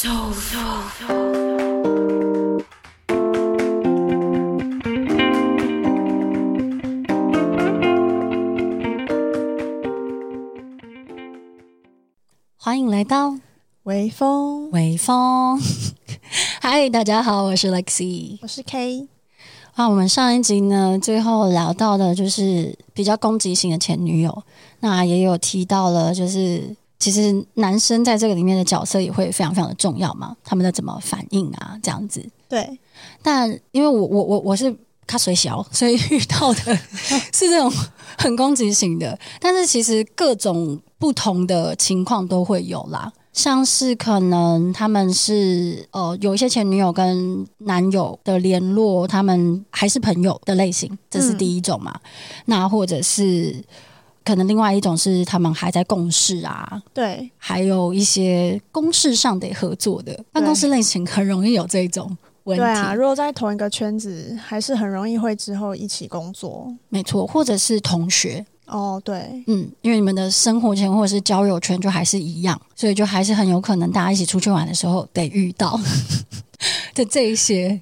走走走。So, so, so, so, so. 歡迎來到微風，微風。 Hi，大家好，我是 Lexi，我是 K。啊，我們上一集呢，最後聊到的，就是比較攻擊性的前女友，那也有提到了，就是。其實男生在這個裡面的角色也會非常非常的重要嘛，他們在怎麼反應啊，這樣子。對，但因為我我我我是卡衰小，所以遇到的、嗯、是這種很攻擊型的。但是其實各種不同的情況都會有啦，像是可能他們是呃有一些前女友跟男友的聯絡，他們還是朋友的類型，這是第一種嘛。嗯、那或者是。可能另外一種是他們還在共事啊，對，還有一些公事上得合作的辦對公室戀情，很容易有這種問題。對啊，如果在同一個圈子，還是很容易會之後一起工作。沒錯，或者是同學。哦，oh, 對，嗯，因為你們的生活圈或者是交友圈就還是一樣，所以就還是很有可能大家一起出去玩的時候得遇到 的這一些。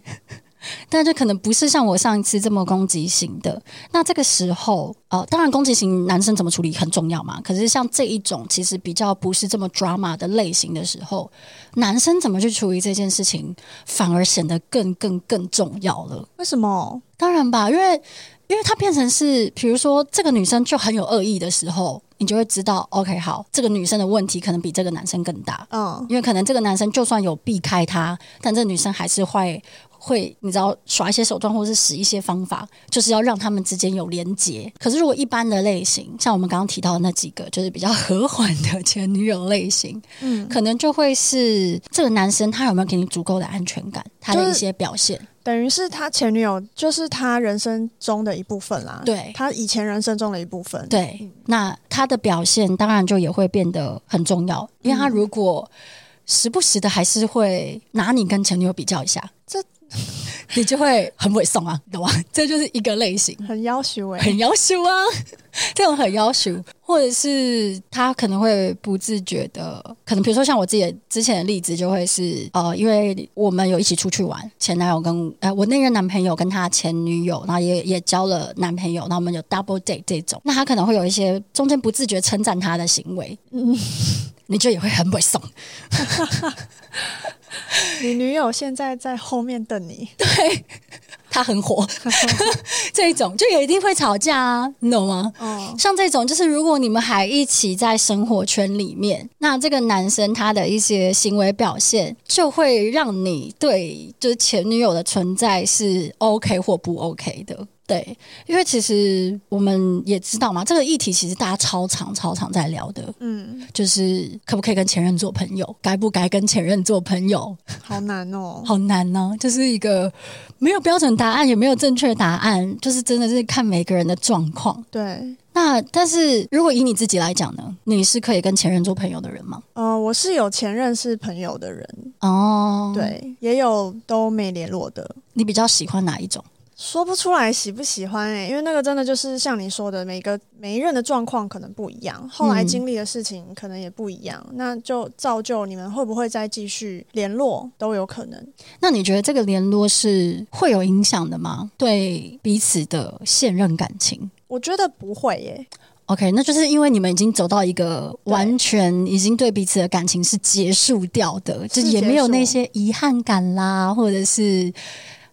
但這可能不是像我上一次這麼攻擊型的。那這個時候，哦、呃，當然攻擊型男生怎麼處理很重要嘛。可是像這一種其實比較不是這麼 drama 的類型的時候，男生怎麼去處理這件事情，反而顯得更更更重要了。為什麼？當然吧，因為因為他變成是，比如說這個女生就很有惡意的時候，你就會知道 OK 好，這個女生的問題可能比這個男生更大。嗯，因為可能這個男生就算有避開她，但這女生還是會。會，你知道耍一些手段，或者是使一些方法，就是要讓他們之間有連結。可是，如果一般的類型，像我們剛剛提到的那幾個，就是比較和緩的前女友類型，嗯，可能就會是這個男生他有沒有給你足夠的安全感，就是、他的一些表現，等於是他前女友就是他人生中的一部分啦。對，他以前人生中的一部分，對，嗯、那他的表現當然就也會變得很重要，因為他如果時不時的還是會拿你跟前女友比較一下。 你就會很猥瑣啊，懂嗎？這就是一個類型，很要求，欸，很要求啊，這種很要求，或者是他可能會不自覺的，可能比如說像我自己的之前的例子，就會是呃，因為我們有一起出去玩，前男友跟、呃、我那個男朋友跟他前女友，然後也也交了男朋友，然後我們有 double date 這種，那他可能會有一些中間不自覺稱讚他的行為，嗯， 你就也會很猥瑣。 你女友現在在後面等你， 對，她很火， 這一種就也一定會吵架啊，你懂嗎？哦，像這種就是如果你們還一起在生活圈裡面，那這個男生他的一些行為表現，就會讓你對就是前女友的存在是 OK 或不 OK 的。對，因為其實我們也知道嘛，這個議題其實大家超常超常在聊的，嗯，就是可不可以跟前任做朋友，該不該跟前任做朋友，好難哦， 好難呢、啊，就是一個沒有標準答案，也沒有正確答案，就是真的是看每個人的狀況。對，那但是如果以你自己來講呢，你是可以跟前任做朋友的人嗎？哦、呃，我是有前任是朋友的人哦，對，也有都沒聯絡的，你比較喜歡哪一種？說不出來喜不喜歡誒、欸，因為那個真的就是像你說的，每個每一任的狀況可能不一樣，後來經歷的事情可能也不一樣，嗯、那就造就你們會不會再繼續聯絡都有可能。那你覺得這個聯絡是會有影響的嗎？對彼此的現任感情，我覺得不會耶、欸。OK，那就是因為你們已經走到一個完全已經對彼此的感情是結束掉的，對就也沒有那些遺憾感啦，或者是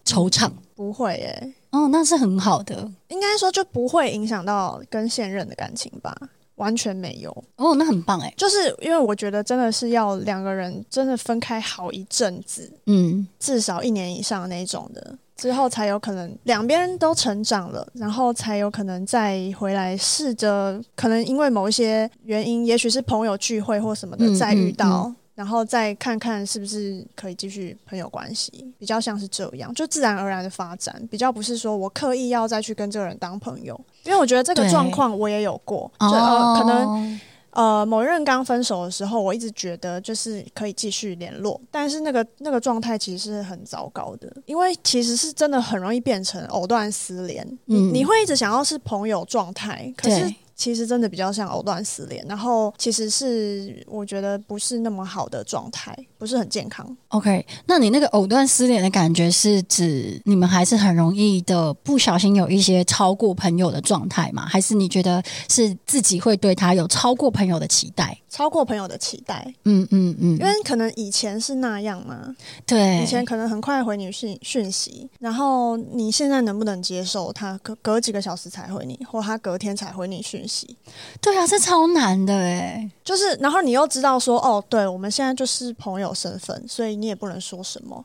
惆悵。不會耶、欸，哦，那是很好的，應該說就不會影響到跟現任的感情吧，完全沒有。哦，那很棒誒、欸，就是因為我覺得真的是要兩個人真的分開好一陣子，嗯，至少一年以上那種的，之後才有可能兩邊都成長了，然後才有可能再回來試着，可能因為某一些原因，也許是朋友聚會或什麼的，再、嗯、遇到。嗯嗯然後再看看是不是可以繼續朋友關係，比較像是這樣，就自然而然的發展，比較不是說我刻意要再去跟這個人當朋友，因為我覺得這個狀況我也有過，呃，可能呃某人剛分手的時候，我一直覺得就是可以繼續聯絡，但是那個那個狀態其實是很糟糕的，因為其實是真的很容易變成藕斷絲連，嗯，嗯，你會一直想要是朋友狀態，可是。其實真的比較像藕斷絲連，然後其實是我覺得不是那麼好的狀態，不是很健康。OK，那你那個藕斷絲連的感覺是指你們還是很容易的不小心有一些超過朋友的狀態嗎？還是你覺得是自己會對他有超過朋友的期待？超過朋友的期待，嗯嗯嗯，嗯嗯，因為可能以前是那樣嘛，對，以前可能很快回你訊訊息，然後你現在能不能接受他隔隔幾個小時才回你，或他隔天才回你訊息？對啊，這超難的哎、欸，就是然後你又知道說哦，對，我們現在就是朋友身份，所以你也不能說什麼。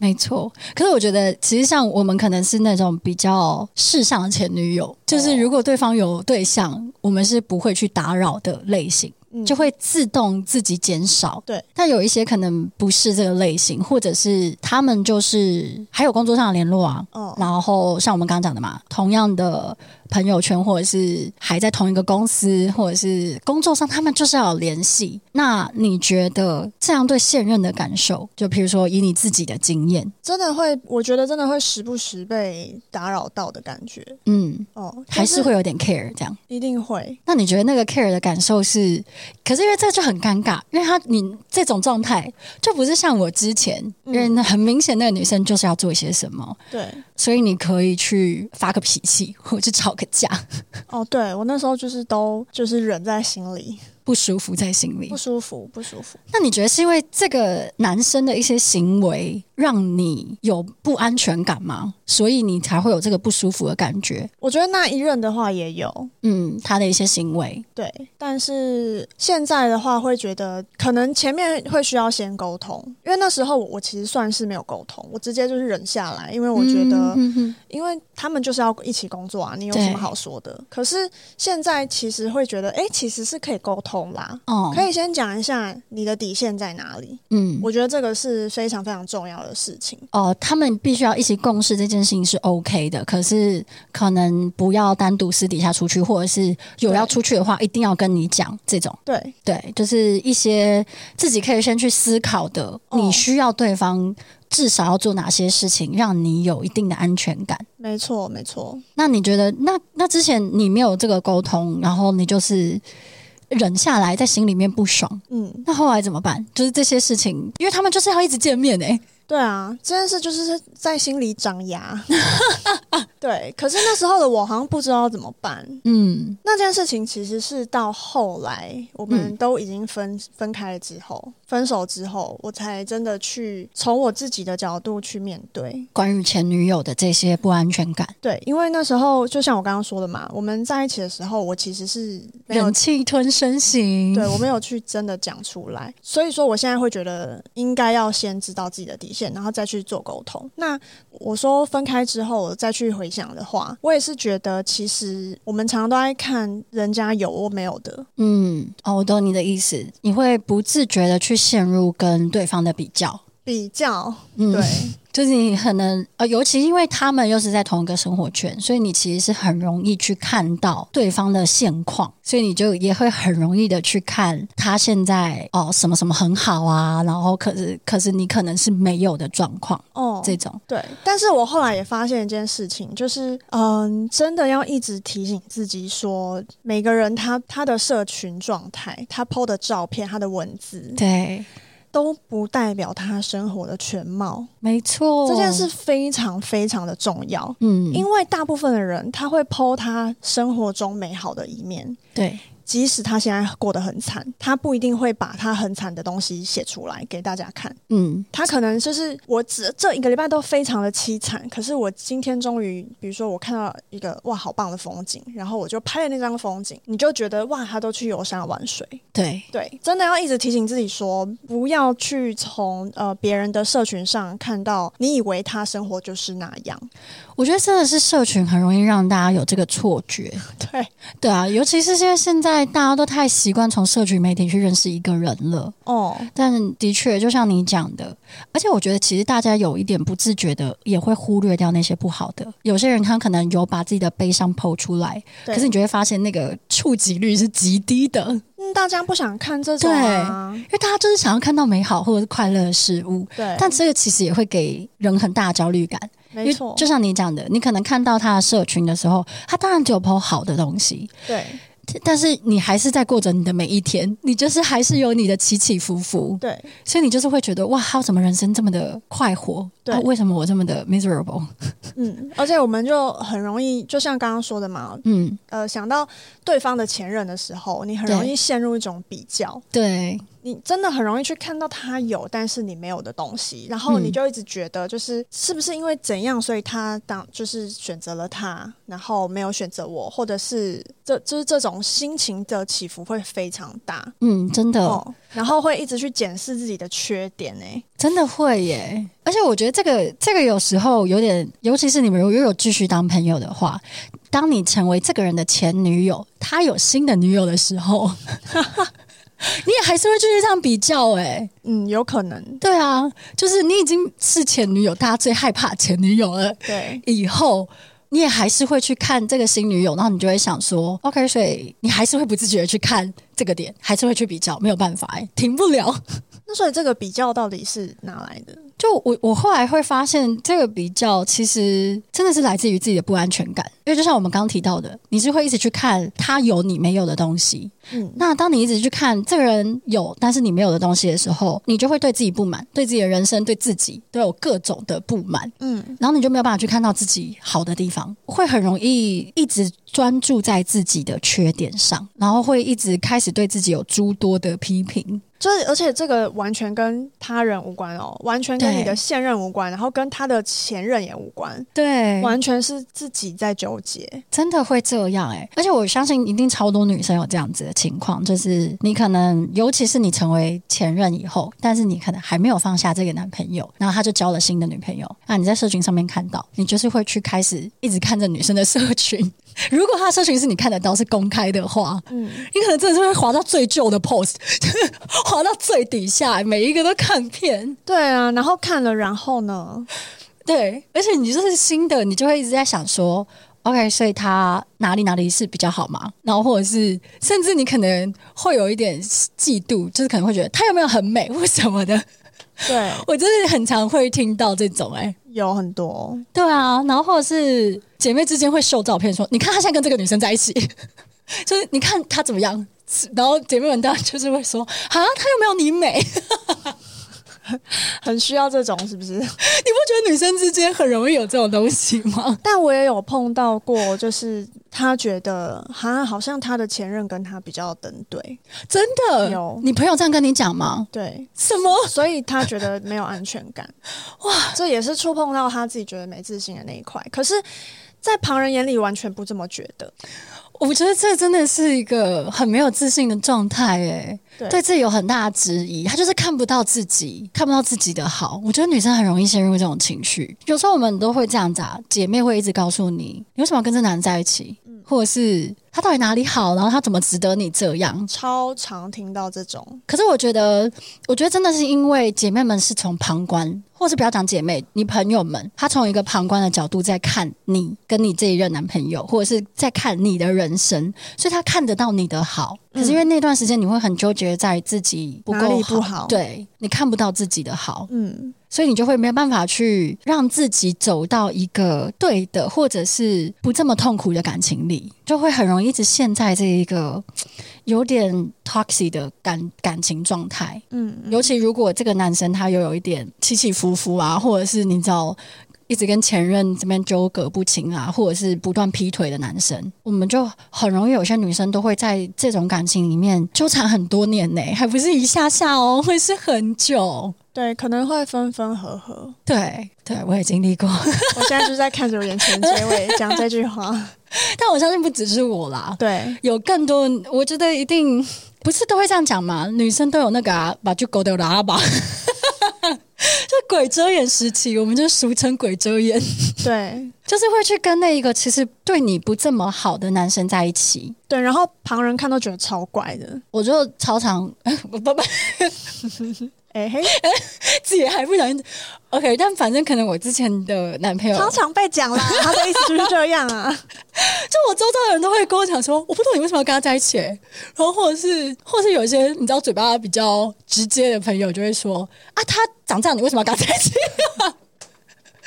沒錯。可是我覺得，其實像我們可能是那種比較世上的前女友，就是如果對方有對象，哦、我們是不會去打擾的類型，嗯、就會自動自己減少。對，但有一些可能不是這個類型，或者是他們就是還有工作上的聯絡啊。嗯、哦，然後像我們剛剛講的嘛，同樣的。朋友圈，或者是還在同一個公司，或者是工作上，他們就是要有聯繫。那你覺得這樣對現任的感受，就譬如說以你自己的經驗，真的會？我覺得真的會時不時被打擾到的感覺。嗯，哦，是還是會有點 care 這樣。一定會。那你覺得那個 care 的感受是？可是因為這就很尷尬，因為他你這種狀態就不是像我之前，嗯、因為很明顯那個女生就是要做一些什麼，對，所以你可以去發個脾氣，或者吵。個價 哦，對，我那時候就是都，就是忍在心裡。不舒服在心裡，不舒服，不舒服。那你覺得是因為這個男生的一些行為讓你有不安全感嗎？所以你才會有這個不舒服的感覺？我覺得那一任的話也有，嗯，他的一些行為，對。但是現在的話，會覺得可能前面會需要先溝通，因為那時候我其實算是沒有溝通，我直接就是忍下來，因為我覺得，因為他們就是要一起工作啊，你有什麼好說的？對，可是現在其實會覺得，哎，其實是可以溝通。哦，嗯、可以先講一下你的底線在哪裡？嗯，我覺得這個是非常非常重要的事情哦、呃。他們必須要一起共事這件事情是 OK 的，可是可能不要單獨私底下出去，或者是有要出去的話，對一定要跟你講。這種。對對，就是一些自己可以先去思考的。嗯、你需要對方至少要做哪些事情，讓你有一定的安全感。沒錯，沒錯。那你覺得，那那之前你沒有這個溝通，然後你就是。忍下來，在心裡面不爽。嗯，那後來怎麼辦？就是這些事情，因為他們就是要一直見面哎、欸。對啊，這件事就是在心裡長牙。 啊啊對，可是那時候的我好像不知道怎麼辦。嗯，那件事情其實是到後來我們都已經分、嗯、分，分開了之後，分手之後，我才真的去從我自己的角度去面對關於前女友的這些不安全感。對，因為那時候就像我剛剛說的嘛，我們在一起的時候，我其實是忍氣吞聲型，對，我沒有去真的講出來。所以說，我現在會覺得應該要先知道自己的底線，然後再去做溝通。那我說分開之後我再去回。講的話，我也是覺得，其實我們常常都愛看人家有我沒有的。嗯，哦，我懂你的意思，你會不自覺的去陷入跟對方的比較。比較，對，嗯、就是你可能呃，尤其因為他們又是在同一個生活圈，所以你其實是很容易去看到對方的現況，所以你就也會很容易的去看他現在哦、呃、什麼什麼很好啊，然後可是可是你可能是沒有的狀況哦，這種對。但是我後來也發現一件事情，就是嗯、呃，真的要一直提醒自己說，每個人他他的社群狀態，他 PO 的照片，他的文字，對。都不代表他生活的全貌，沒錯錯，這件事非常非常的重要，嗯，因為大部分的人他會 po 他生活中美好的一面，對。即使他現在過得很慘，他不一定會把他很慘的東西寫出來給大家看。嗯，他可能就是我只這一個禮拜都非常的淒慘，可是我今天終於，比如說我看到一個哇，好棒的風景，然後我就拍了那張風景，你就覺得哇，他都去遊山玩水。對對，真的要一直提醒自己說，不要去從呃別人的社群上看到你以為他生活就是那樣。我覺得真的是社群很容易讓大家有這個錯覺。 對對啊，尤其是因為現在。大家都太習慣從社群媒體去認識一個人了。哦，但的確，就像你講的，而且我覺得，其實大家有一點不自覺的，也會忽略掉那些不好的。有些人他可能有把自己的悲傷拋出來，對可是你就會發現，那個觸及率是極低的。嗯，大家不想看這種、啊，對，因為大家就是想要看到美好或者是快樂的事物。對，但這個其實也會給人很大焦慮感。沒錯錯，就像你講的，你可能看到他的社群的時候，他當然只有拋好的東西。對。但是你還是在過着你的每一天，你就是還是有你的起起伏伏，對，所以你就是會覺得哇，他怎麼人生這麼的快活？對，啊，為什麼我這麼的 miserable？嗯，而且我們就很容易，就像剛剛說的嘛，嗯，呃，想到。對方的前任的時候，你很容易陷入一種比較。對，你真的很容易去看到他有，但是你沒有的東西，然後你就一直覺得，就是、嗯、是不是因為怎樣，所以他當就是選擇了他，然後沒有選擇我，或者是這就是這種心情的起伏會非常大。嗯，真的、哦，然後會一直去檢視自己的缺點，哎，真的會耶。而且我覺得這個這個有時候有點，尤其是你們如果有繼續當朋友的話。當你成為這個人的前女友，他有新的女友的時候， 你也還是會繼續這樣比較誒、欸，嗯，有可能，對啊，就是你已經是前女友，大家最害怕前女友了，對，以後你也還是會去看這個新女友，然後你就會想說，OK，所以你還是會不自覺去看這個點，還是會去比較，沒有辦法哎、欸，停不了。那所以這個比較到底是哪來的？就我我後來會發現，這個比較其實真的是來自於自己的不安全感。因為就像我們剛剛提到的，你是會一直去看他有你沒有的東西。嗯，那當你一直去看這個人有但是你沒有的東西的時候，你就會對自己不滿，對自己的人生，對自己都有各種的不滿。嗯，然後你就沒有辦法去看到自己好的地方，會很容易一直專注在自己的缺點上，然後會一直開始對自己有諸多的批評。就是，而且這個完全跟他人無關哦，完全跟你的現任無關，對然後跟他的前任也無關，對，完全是自己在糾結，真的會這樣誒！而且我相信一定超多女生有這樣子的情況，就是你可能，尤其是你成為前任以後，但是你可能還沒有放下這個男朋友，然後他就交了新的女朋友啊！你在社群上面看到，你就是會去開始一直看着女生的社群。如果他的社群是你看得到是公開的話，嗯，你可能真的是會滑到最舊的 post，就是滑到最底下，欸、每一個都看片，對啊，然後看了，然後呢，對，而且你就是新的，你就會一直在想說，OK，所以他哪裡哪裡是比較好嘛，然後或者是甚至你可能會有一點嫉妒，就是可能會覺得他有沒有很美或什麼的，對，我真的很常會聽到這種，欸，哎，有很多，對啊，然後或者是。姐妹之間會秀照片，說：“你看她現在跟這個女生在一起，就是你看她怎麼樣。”然後姐妹們當然就是會說：“啊，她又沒有你美。 ”很需要這種是不是？你不覺得女生之間很容易有這種東西嗎？但我也有碰到過，就是她覺得她好像她的前任跟她比較登對，真的有你朋友這樣跟你講嗎？對，什麼？所以她覺得沒有安全感。哇，這也是觸碰到她自己覺得沒自信的那一塊。可是。在旁人眼裡完全不這麼覺得，我覺得這真的是一個很沒有自信的狀態，誒，對自己有很大的質疑，他就是看不到自己，看不到自己的好。我覺得女生很容易陷入這種情緒，有時候我們都會這樣子啊，姐妹會一直告訴你，你為什麼要跟這男人在一起，或者是。他到底哪裡好？然後他怎麼值得你這樣？超常聽到這種。可是我覺得，我覺得真的是因為姐妹們是從旁觀，或是不要講姐妹，你朋友們，他從一個旁觀的角度在看你跟你這一任男朋友，或者是在看你的人生，所以他看得到你的好。可是因為那段時間你會很糾結在自己不夠好，好，對，你看不到自己的好，嗯，所以你就會沒有辦法去讓自己走到一個對的，或者是不這麼痛苦的感情裡，就會很容易。一直陷在這一個有點 toxic 的感感情狀態，嗯，尤其如果這個男生他又有一點起起伏伏啊，或者是你知道一直跟前任這邊糾葛不清啊，或者是不斷劈腿的男生，我們就很容易，有些女生都會在這種感情裡面糾纏很多年呢。欸，還不是一下下哦，會是很久。對，可能會分分合合。對，對我也經歷過。 我現在就在看着眼前我也講這句話， 但我相信不只是我啦。對，有更多，我覺得一定不是都會這樣講嘛。女生都有那個啊，把就勾掉的啊吧， 就鬼遮眼時期，我們就俗稱鬼遮眼。對，就是會去跟那一個其實對你不這麼好的男生在一起。對，然後旁人看都覺得超怪的。我就得超常，我爸爸 哎、欸、嘿、欸，自己還不小心，OK。但反正可能我之前的男朋友常常被講啦、啊，他的意思就是這樣啊。 就我周遭的人都會跟我講說，我不懂你為什麼要跟他在一起、欸。然後或者是，或者是有一些你知道嘴巴比較直接的朋友就會說啊，他長這樣，你為什麼要跟他在一起、啊？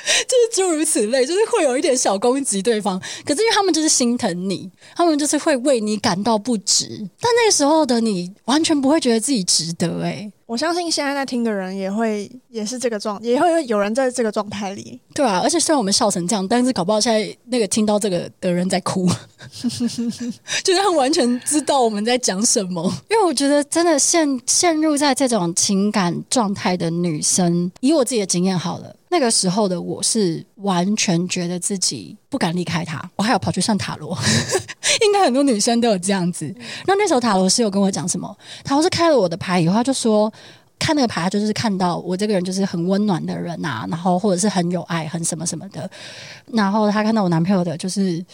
就是諸如此類，就是會有一點小攻擊對方，可是因為他們就是心疼你，他們就是會為你感到不值。但那個時候的你完全不會覺得自己值得誒，我相信現在在聽的人也會也是這個狀，也會有人在這個狀態裡，對啊。而且雖然我們笑成這樣，但是搞不好現在那個聽到這個的人在哭， 就是他們完全知道我們在講什麼。 因為我覺得真的陷陷入在這種情感狀態的女生，以我自己的經驗好了。那個時候的我是完全覺得自己不敢離開他，我還有跑去算塔羅， 應該很多女生都有這樣子。嗯、那那時候塔羅師有跟我講什麼？塔羅師開了我的牌以後，他就說看那個牌，就是看到我這個人就是很溫暖的人吶、啊，然後或者是很有愛、很什麼什麼的。然後他看到我男朋友的，就是。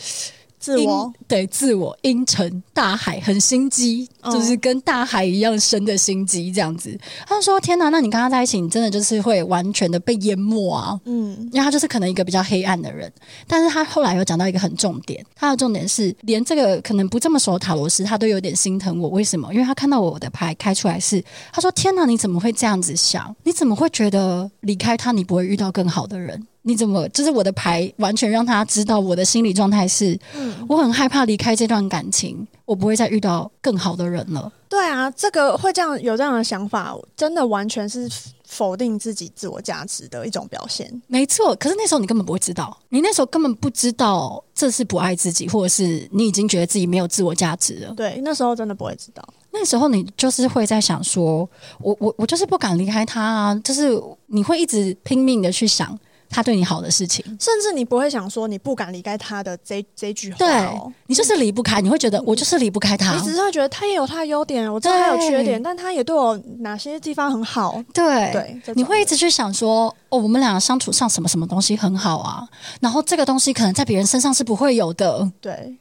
自我對自我陰沉，大海很心機，嗯、就是跟大海一樣深的心機這樣子。他就說：“天哪，那你跟他在一起，你真的就是會完全的被淹沒啊。”嗯，因為他就是可能一個比較黑暗的人，但是他後來有講到一個很重點，他的重點是連這個可能不這麼熟的塔羅斯，他都有點心疼我。為什麼？因為他看到我的牌開出來是，他說：“天哪，你怎麼會這樣子想？你怎麼會覺得離開他，你不會遇到更好的人？”你怎麼？就是我的牌完全讓他知道我的心理狀態是：嗯，我很害怕離開這段感情，我不會再遇到更好的人了。對啊，這個會這樣有這樣的想法，真的完全是否定自己自我價值的一種表現。沒錯，可是那時候你根本不會知道，你那時候根本不知道這是不愛自己，或者是你已經覺得自己沒有自我價值了。對，那時候真的不會知道，那時候你就是會在想說，我我我就是不敢離開他啊，就是你會一直拼命的去想。他對你好的事情，甚至你不會想說你不敢離開他的這這句話，哦，對你就是離不開，嗯、你會覺得我就是離不開他。你只是會覺得他也有他的優點，我知道他有缺點，對但他也對我哪些地方很好。對對，對你會一直去想說哦，我們兩個相處上什麼什麼東西很好啊，然後這個東西可能在別人身上是不會有的。對。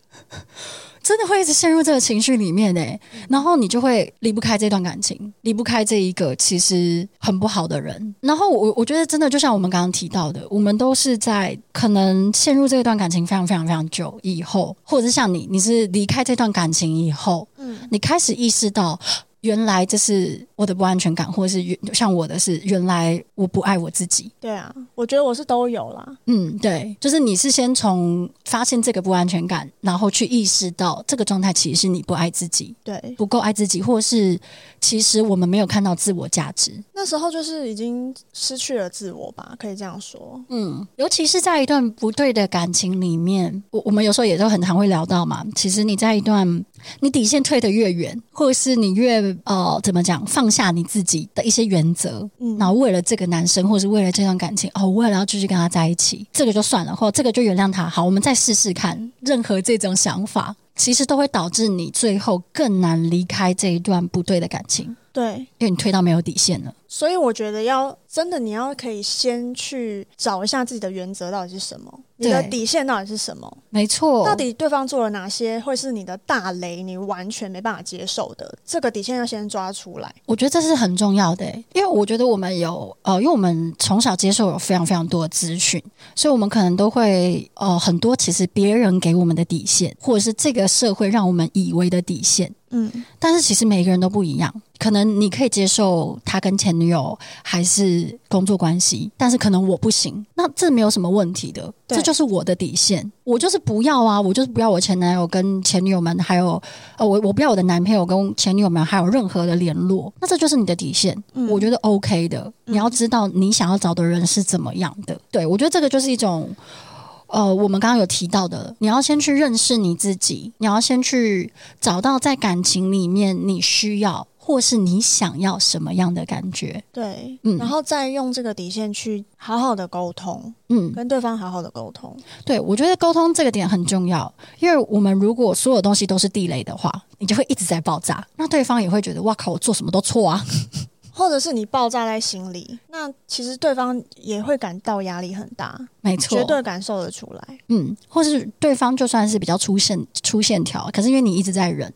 真的會一直陷入這個情緒裡面呢、欸，嗯，然後你就會離不開這段感情，離不開這一個其實很不好的人。然後我我覺得真的就像我們剛剛提到的，我們都是在可能陷入這段感情非常非常非常久以後，或者是像你，你是離開這段感情以後，嗯，你開始意識到。原來這是我的不安全感，或是原像我的是原來我不愛我自己。對啊，我覺得我是都有啦。嗯，對，就是你是先從發現這個不安全感，然後去意識到這個狀態其實是你不愛自己，對，不夠愛自己，或是其實我們沒有看到自我價值。那時候就是已經失去了自我吧，可以這樣說。嗯，尤其是在一段不對的感情裡面，我我們有時候也都很常會聊到嘛，其實你在一段。你底線推得越遠，或者是你越呃怎麼講，放下你自己的一些原則，嗯、然後為了這個男生，或者是為了這段感情，哦，我為了要繼續跟他在一起，這個就算了，或這個就原諒他，好，我們再試試看。任何這種想法，其實都會導致你最後更難離開這一段不對的感情。對，因為你推到沒有底線了。所以我覺得要真的，你要可以先去找一下自己的原則到底是什麼，對你的底線到底是什麼？沒錯錯，到底對方做了哪些會是你的大雷，你完全沒辦法接受的。這個底線要先抓出來。我覺得這是很重要的欸，因為我覺得我們有呃，因為我們從小接受有非常非常多的資訊，所以我們可能都會呃很多，其實別人給我們的底線，或者是這個社會讓我們以為的底線，嗯，但是其實每個人都不一樣，可能你可以接受他跟前女。有還是工作關係，但是可能我不行，那這沒有什麼問題的，對這就是我的底線，我就是不要啊，我就是不要我前男友跟前女友們，還有呃，我我不要我的男朋友跟前女友們還有任何的聯絡，那這就是你的底線，嗯、我覺得 OK 的。你要知道你想要找的人是怎麼樣的，嗯、對，我覺得這個就是一種，呃，我們剛剛有提到的，你要先去認識你自己，你要先去找到在感情裡面你需要。或是你想要什麼樣的感覺？對，嗯，然後再用這個底線去好好的溝通，嗯，跟對方好好的溝通。對，我覺得溝通這個點很重要，因為我們如果所有東西都是地雷的話，你就會一直在爆炸，那對方也會覺得哇靠，我做什麼都錯啊， 或者是你爆炸在心裡，那其實對方也會感到壓力很大，沒錯，絕對感受得出來，嗯，或者是對方就算是比較粗線粗線條，可是因為你一直在忍。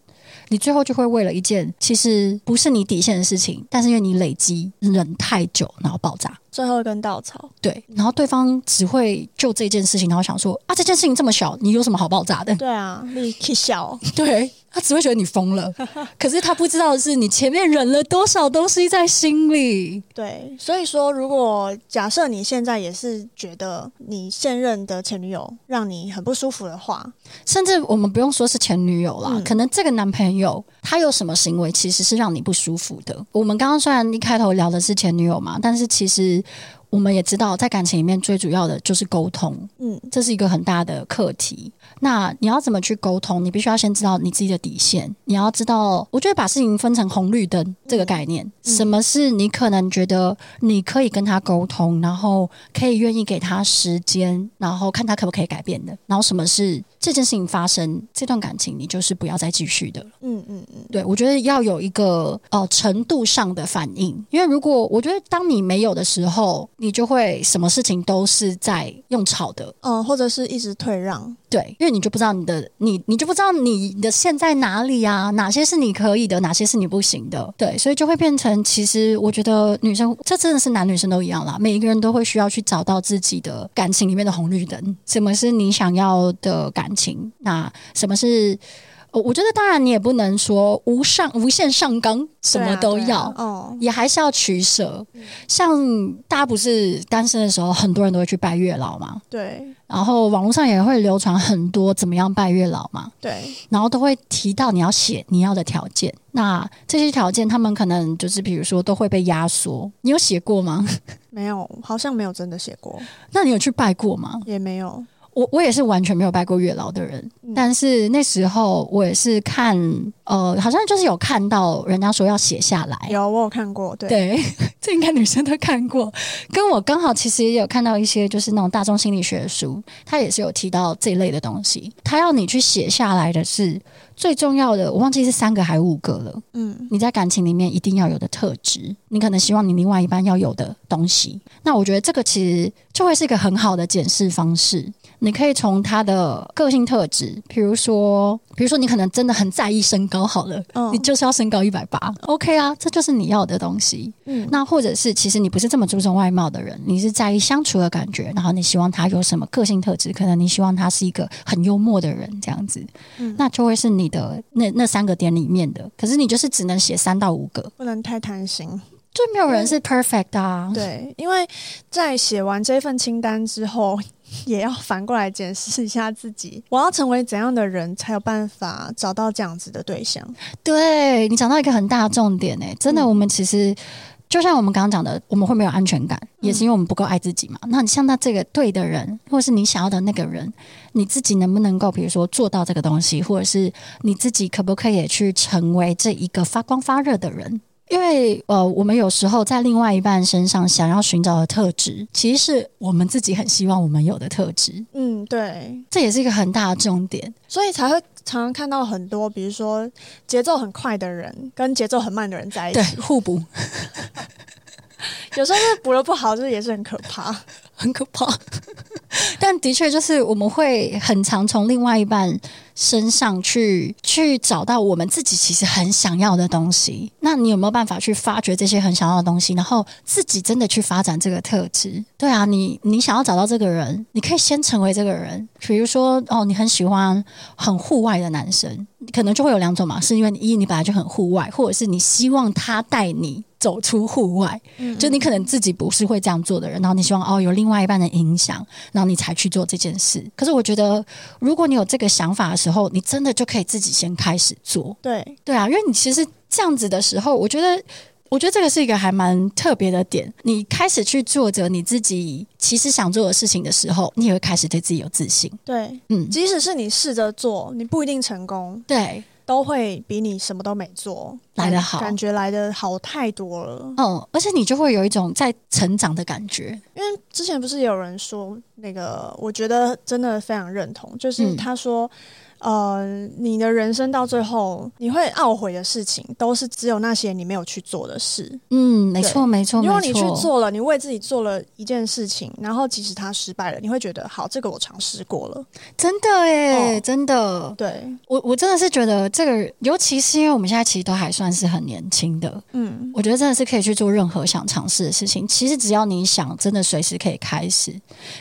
你最後就會為了一件其實不是你底線的事情，但是因為你累積忍太久，然後爆炸，最後一根稻草。對，然後對方只會就這件事情，然後想說、嗯、啊，這件事情這麼小，你有什麼好爆炸的？對啊，你氣小。 對。他只會覺得你瘋了，可是他不知道的是，你前面忍了多少東西在心裡。對，所以說，如果假設你現在也是覺得你現任的前女友讓你很不舒服的話，甚至我們不用說是前女友了，可能這個男朋友他有什麼行為其實是讓你不舒服的。我們剛剛雖然一開頭聊的是前女友嘛，但是其實。我們也知道，在感情裡面最主要的就是溝通，嗯，這是一個很大的課題。那你要怎麼去溝通？你必須要先知道你自己的底線。你要知道，我覺得把事情分成紅綠燈這個概念，什麼是你可能覺得你可以跟他溝通，然後可以願意給他時間，然後看他可不可以改變的，然後什麼是？這件事情發生，這段感情你就是不要再繼續的了。嗯。嗯嗯嗯。對，我覺得要有一個呃程度上的反應，因為如果我覺得當你沒有的時候，你就會什麼事情都是在用吵的。嗯，或者是一直退讓。對，因為你就不知道你的你你就不知道你的線在哪裡啊？哪些是你可以的，哪些是你不行的？對，所以就會變成，其實我覺得女生這真的是男女生都一樣啦，每一個人都會需要去找到自己的感情裡面的紅綠燈，什麼是你想要的感感情，那什麼是？我覺得當然你也不能說無上無限上綱，什麼都要哦，也還是要取舍。像大家不是單身的時候，很多人都會去拜月老嘛。對。然後網絡上也會流傳很多怎麼樣拜月老嘛。對。然後都會提到你要寫你要的條件。那這些條件他們可能就是比如說都會被壓縮。你有寫過嗎？沒有，好像沒有真的寫過。那你有去拜過嗎？也沒有。我我也是完全沒有拜過月老的人，嗯，但是那時候我也是看，呃，好像就是有看到人家說要寫下來。有，我有看過，對，對，這應該女生都看過。跟我剛好其實也有看到一些就是那種大眾心理學的書，它也是有提到這一類的東西。他要你去寫下來的是最重要的，我忘記是三個還是五個了。嗯，你在感情裡面一定要有的特質，你可能希望你另外一半要有的東西。那我覺得這個其實就會是一個很好的檢視方式。你可以從他的個性特質，比如說，比如說你可能真的很在意身高，好了，哦、你就是要身高一百八，OK 啊，這就是你要的東西。嗯，那或者是其實你不是這麼注重外貌的人，你是在意相處的感覺，然後你希望他有什麼個性特質，可能你希望他是一個很幽默的人這樣子，嗯、那就會是你的那那三個點裡面的。可是你就是只能寫三到五個，不能太貪心。就沒有人是 perfect 的、啊，對，因為在寫完這份清單之後，也要反過來檢視一下自己，我要成為怎樣的人才有辦法找到這樣子的對象？對，你講到一個很大的重點、欸，哎，真的，我們其實、嗯、就像我們剛剛講的，我們會沒有安全感，也是因為我們不夠愛自己嘛。嗯、那你像他這個對的人，或是你想要的那個人，你自己能不能夠，比如說做到這個東西，或者是你自己可不可以去成為這一個發光發熱的人？因為呃，我們有時候在另外一半身上想要尋找的特質，其實是我們自己很希望我們有的特質。嗯，對，這也是一個很大的重點，所以才會常常看到很多，比如說節奏很快的人跟節奏很慢的人在一起，對，互補。 有時候就是補的不好，就是也是很可怕， 很可怕。 但的確就是我們會很常從另外一半身上去去找到我們自己其實很想要的東西。那你有沒有辦法去發掘這些很想要的東西，然後自己真的去發展這個特質？對啊，你你想要找到這個人，你可以先成為這個人。比如說哦，你很喜歡很戶外的男生，你可能就會有兩種嘛，是因為你一你本來就很戶外，或者是你希望他帶你。走出戶外，就你可能自己不是會這樣做的人，嗯，然後你希望哦有另外一半的影響，然後你才去做這件事。可是我覺得，如果你有這個想法的時候，你真的就可以自己先開始做。對，對啊，因為你其實這樣子的時候，我覺得，我覺得這個是一個還蠻特別的點。你開始去做着你自己其實想做的事情的時候，你也會開始對自己有自信。對，嗯，即使是你試着做，你不一定成功。對。都會比你什麼都沒做來得好，感覺來得好太多了。嗯、哦，而且你就會有一種在成長的感覺。因為之前不是有人說那個，我覺得真的非常認同，就是他說，嗯呃，你的人生到最後，你會懊悔的事情，都是只有那些你沒有去做的事。嗯，沒錯，對沒錯錯。如果你去做了，你為自己做了一件事情，然後即使他失敗了，你會覺得好，這個我嘗試過了。真的誒，哦、真的。對，我我真的是覺得這個，尤其是因為我們現在其實都還算是很年輕的。嗯，我覺得真的是可以去做任何想嘗試的事情。其實只要你想，真的隨時可以開始。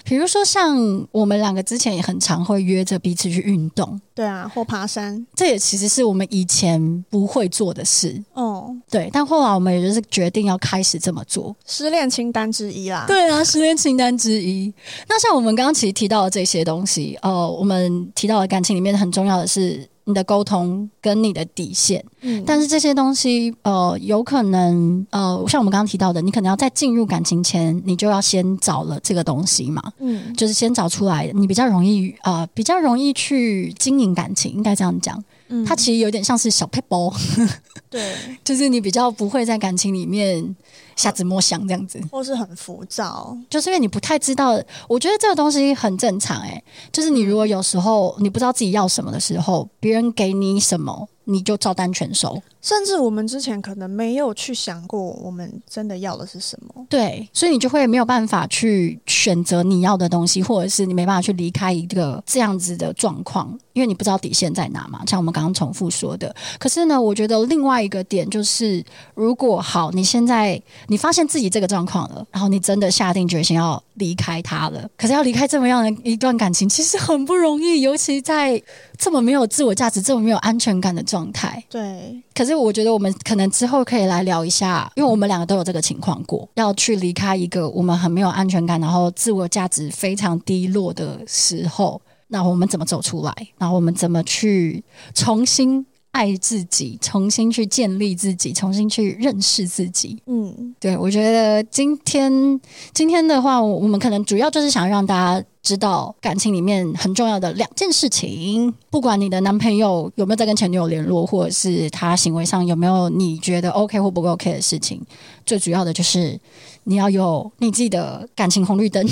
比如說像我們兩個之前也很常會約着彼此去運動。對啊，或爬山，這也其實是我們以前不會做的事。哦，對，但後來我們也就是決定要開始這麼做。失戀清單之一啦，對啊，失戀清單之一。 那像我們剛剛其實提到的這些東西，哦、呃，我們提到的感情裡面很重要的是。你的溝通跟你的底線，嗯、但是這些東西，呃，有可能，呃，像我們剛剛提到的，你可能要在進入感情前，你就要先找了這個東西嘛，嗯，就是先找出來，你比較容易啊、呃，比較容易去經營感情，應該這樣講，嗯，它其實有點像是小撇步。 對，就是你比較不會在感情裡面瞎子摸象這樣子，或是很浮躁，就是因為你不太知道。我覺得這個東西很正常，誒，就是你如果有時候你不知道自己要什麼的時候，別人給你什麼。你就照單全收，甚至我們之前可能沒有去想過，我們真的要的是什麼。對，所以你就會沒有辦法去選擇你要的東西，或者是你沒辦法去離開一個這樣子的狀況，因為你不知道底線在哪嘛。像我們剛剛重複說的，可是呢，我覺得另外一個點就是，如果好，你現在你發現自己這個狀況了，然後你真的下定決心要離開他了，可是要離開這麼樣的一段感情，其實很不容易，尤其在。這麼沒有自我價值，這麼沒有安全感的狀態，對。可是我覺得我們可能之後可以來聊一下，因為我們兩個都有這個情況過。要去離開一個我們很沒有安全感，然後自我價值非常低落的時候，對。那我們怎麼走出來？然後我們怎麼去重新愛自己，重新去建立自己，重新去認識自己？嗯，對。我覺得今天今天的話，我們可能主要就是想讓大家。知道感情裡面很重要的兩件事情，不管你的男朋友有沒有在跟前女友聯絡，或者是他行為上有沒有你覺得 OK 或不 OK 的事情，最主要的就是你要有你自己的感情紅綠燈。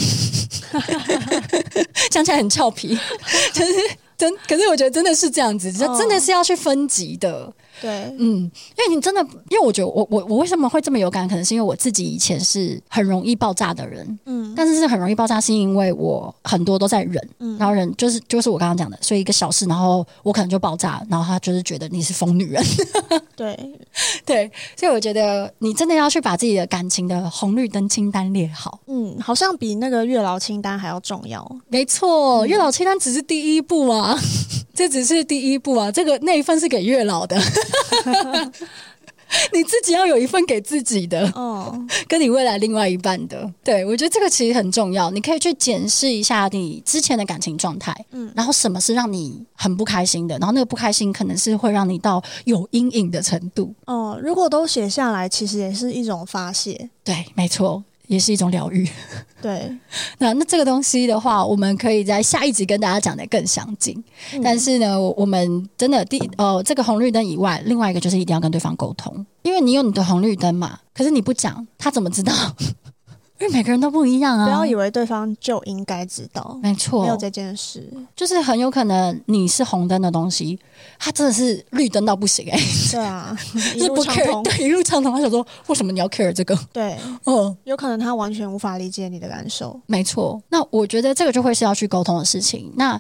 想起來很俏皮。 可，就是真，可是我覺得真的是這樣子，就真的是要去分級的。對，嗯，因為你真的，因為我覺得我我我為什麼會這麼有感，可能是因為我自己以前是很容易爆炸的人，嗯，但是是很容易爆炸，是因為我很多都在忍，嗯、然後忍就是就是我剛剛講的，所以一個小事，然後我可能就爆炸，然後他就是覺得你是瘋女人， 對對，所以我覺得你真的要去把自己的感情的紅綠燈清單列好，嗯，好像比那個月老清單還要重要，沒錯，嗯、月老清單只是第一步啊， 這只是第一步啊，這個那一份是給月老的。 你自己要有一份給自己的，哦，oh. 跟你未來另外一半的，對，我覺得這個其實很重要。你可以去檢視一下你之前的感情狀態，嗯，然後什麼是讓你很不開心的，然後那個不開心可能是會讓你到有陰影的程度。哦，oh, 如果都寫下來，其實也是一種發洩。對，沒錯。也是一種療癒對， 對。那那這個東西的話，我們可以在下一集跟大家講得更詳盡。嗯、但是呢，我們真的第呃、哦，這個紅綠燈以外，另外一個就是一定要跟對方溝通，因為你有你的紅綠燈嘛，可是你不講，他怎麼知道？因為每個人都不一樣啊！不要以為對方就應該知道，沒錯，沒有這件事，就是很有可能你是紅燈的東西，他真的是綠燈到不行哎！對啊，一路暢通，care, 對，一路暢通。他想說，為什麼你要 care 這個？對，oh, 有可能他完全無法理解你的感受。沒錯，那我覺得這個就會是要去溝通的事情。那。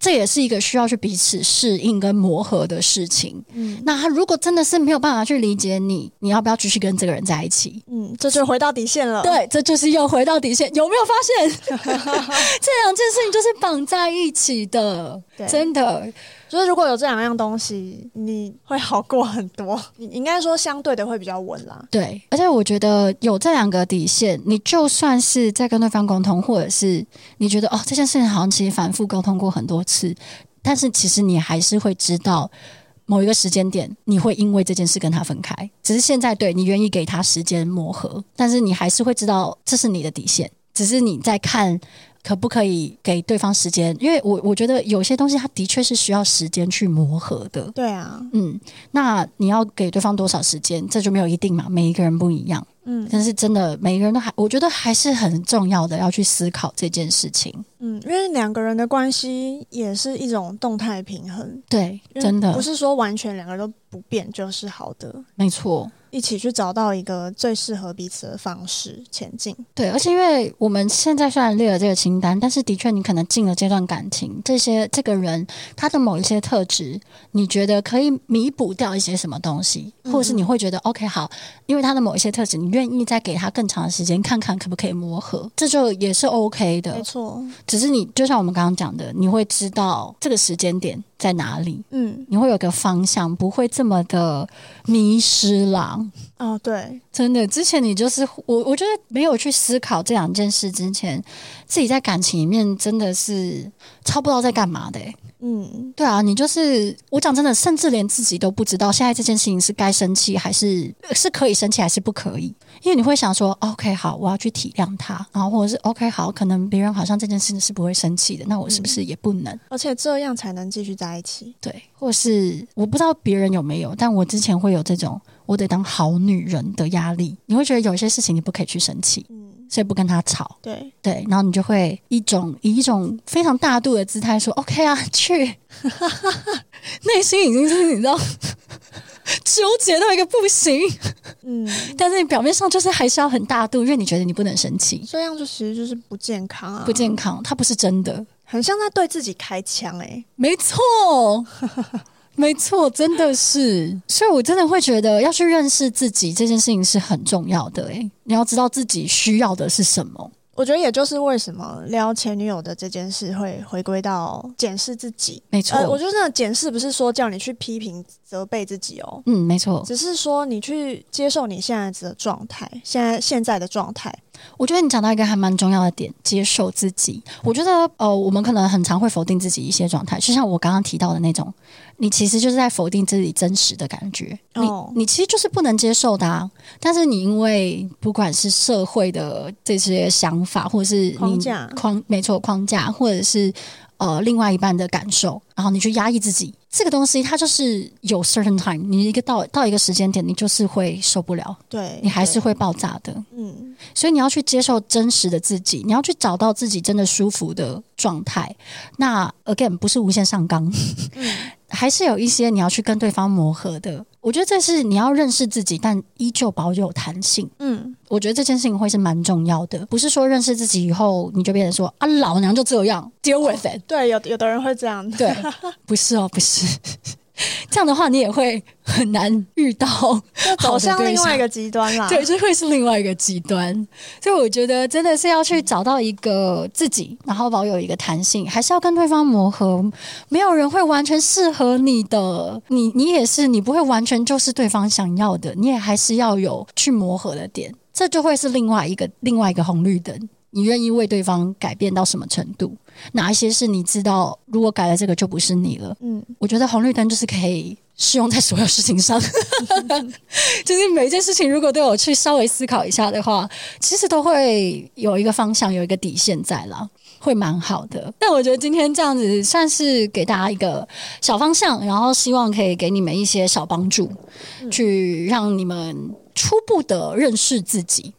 這也是一個需要去彼此適應跟磨合的事情。嗯，那他如果真的是沒有辦法去理解你，你要不要繼續跟這個人在一起？嗯，這就回到底線了。對，這就是又回到底線。有沒有發現 這兩件事情就是綁在一起的？對真的。所以如果有這兩樣東西，你會好過很多。你應該說相對的會比較穩啦。對，而且我覺得有這兩個底線，你就算是在跟對方溝通，或者是你覺得哦這件事情好像其實反覆溝通過很多次，但是其實你還是會知道某一個時間點你會因為這件事跟他分開。只是現在對你願意給他時間磨合，但是你還是會知道這是你的底線。只是你在看。可不可以給對方時間？因為我我覺得有些東西，它的確是需要時間去磨合的。對啊，嗯，那你要給對方多少時間，這就沒有一定嘛，每一個人不一樣。嗯，但是真的，每一個人都還，我覺得還是很重要的，要去思考這件事情。嗯，因為兩個人的關係也是一種動態平衡，對，真的不是說完全兩個人都不變就是好的，沒錯，一起去找到一個最適合彼此的方式前進。對，而且因為我們現在雖然列了這個清單，但是的確你可能進了這段感情，這些這個人他的某一些特質，你覺得可以彌補掉一些什麼東西，或者是你會覺得、嗯、OK 好，因為他的某一些特質，你願意再給他更長的時間看看可不可以磨合，這就也是 OK 的，沒錯。只是你，就像我們剛剛講的，你會知道這個時間點。在哪裡？嗯，你會有個方向，不會這麼的迷失了。哦，對，真的，之前你就是我，我覺得沒有去思考這兩件事之前，自己在感情裡面真的是超不知道在幹嘛的、欸。嗯，對啊，你就是我講真的，甚至連自己都不知道，現在這件事情是該生氣還是是可以生氣還是不可以？因為你會想說，OK，好，我要去體諒他，然後或者是 OK，好，可能別人好像這件事情是不會生氣的，那我是不是也不能？嗯、而且這樣才能繼續在。在一起，對，或者是我不知道別人有沒有，但我之前會有這種我得當好女人的壓力，你會覺得有一些事情你不可以去生氣，嗯，所以不跟他吵，對對，然後你就會一種以一種非常大度的姿態說、嗯、OK 啊，去，內 心已經是你知道糾結到一個不行，嗯，但是你表面上就是還是要很大度，因為你覺得你不能生氣，這樣就其實就是不健康啊，不健康，它不是真的。很像在對自己開槍誒， 沒錯，沒錯，真的是，所以我真的會覺得要去認識自己這件事情是很重要的誒。你要知道自己需要的是什麼。我覺得也就是為什麼聊前女友的這件事會回歸到檢視自己，沒錯。呃，我覺得那個檢視不是說叫你去批評、責備自己哦，嗯，沒錯，只是說你去接受你現在的狀態，現在現在的狀態。我覺得你講到一個還蠻重要的點，接受自己。我覺得，呃，我們可能很常會否定自己一些狀態，就像我剛剛提到的那種，你其實就是在否定自己真實的感覺。你，你其實就是不能接受的啊，但是你因為不管是社會的這些想法，或者是你框架框，沒錯，框架或者是。呃，另外一半的感受，然後你去壓抑自己，這個東西它就是有 certain time，你一個到到一個時間點，你就是會受不了，對，你還是會爆炸的。嗯，所以你要去接受真實的自己，你要去找到自己真的舒服的狀態。那 again 不是無限上綱，嗯、 還是有一些你要去跟對方磨合的。我覺得這是你要認識自己，但依舊保有彈性。嗯，我覺得這件事情會是蠻重要的，不是說認識自己以後你就變成說啊，老娘就這樣 deal with it。對，有有的人會這樣的。對，不是哦，不是。 這樣的話，你也會很難遇到好，好像另外一個極端啦。對，就會是另外一個極端。所以我覺得，真的是要去找到一個自己，然後保有一個彈性，還是要跟對方磨合。沒有人會完全適合你的，你你也是，你不會完全就是對方想要的，你也還是要有去磨合的點。這就會是另外一個另外一個紅綠燈。你願意為對方改變到什麼程度？哪一些是你知道，如果改了這個就不是你了？嗯，我覺得紅綠燈就是可以適用在所有事情上， 就是每一件事情如果都有去稍微思考一下的話，其實都會有一個方向，有一個底線在啦，會蠻好的。但我覺得今天這樣子算是給大家一個小方向，然後希望可以給你們一些小幫助，嗯、去讓你們初步的認識自己。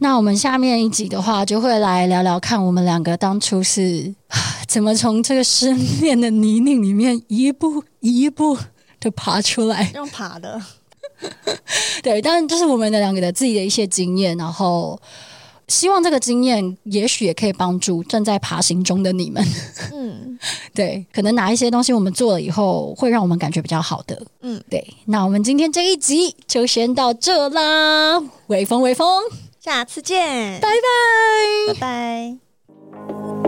那我們下面一集的話，就會來聊聊看我們兩個當初是怎麼從這個失戀的泥濘裡面一步一步的爬出來，這樣爬的。 對，但這是我們的兩個的自己的一些經驗，然後希望這個經驗也許也可以幫助正在爬行中的你們。 嗯，對，可能哪一些東西我們做了以後，會讓我們感覺比較好的。嗯，對。那我們今天這一集就先到這啦，微風，微風。下次見，拜拜，拜拜。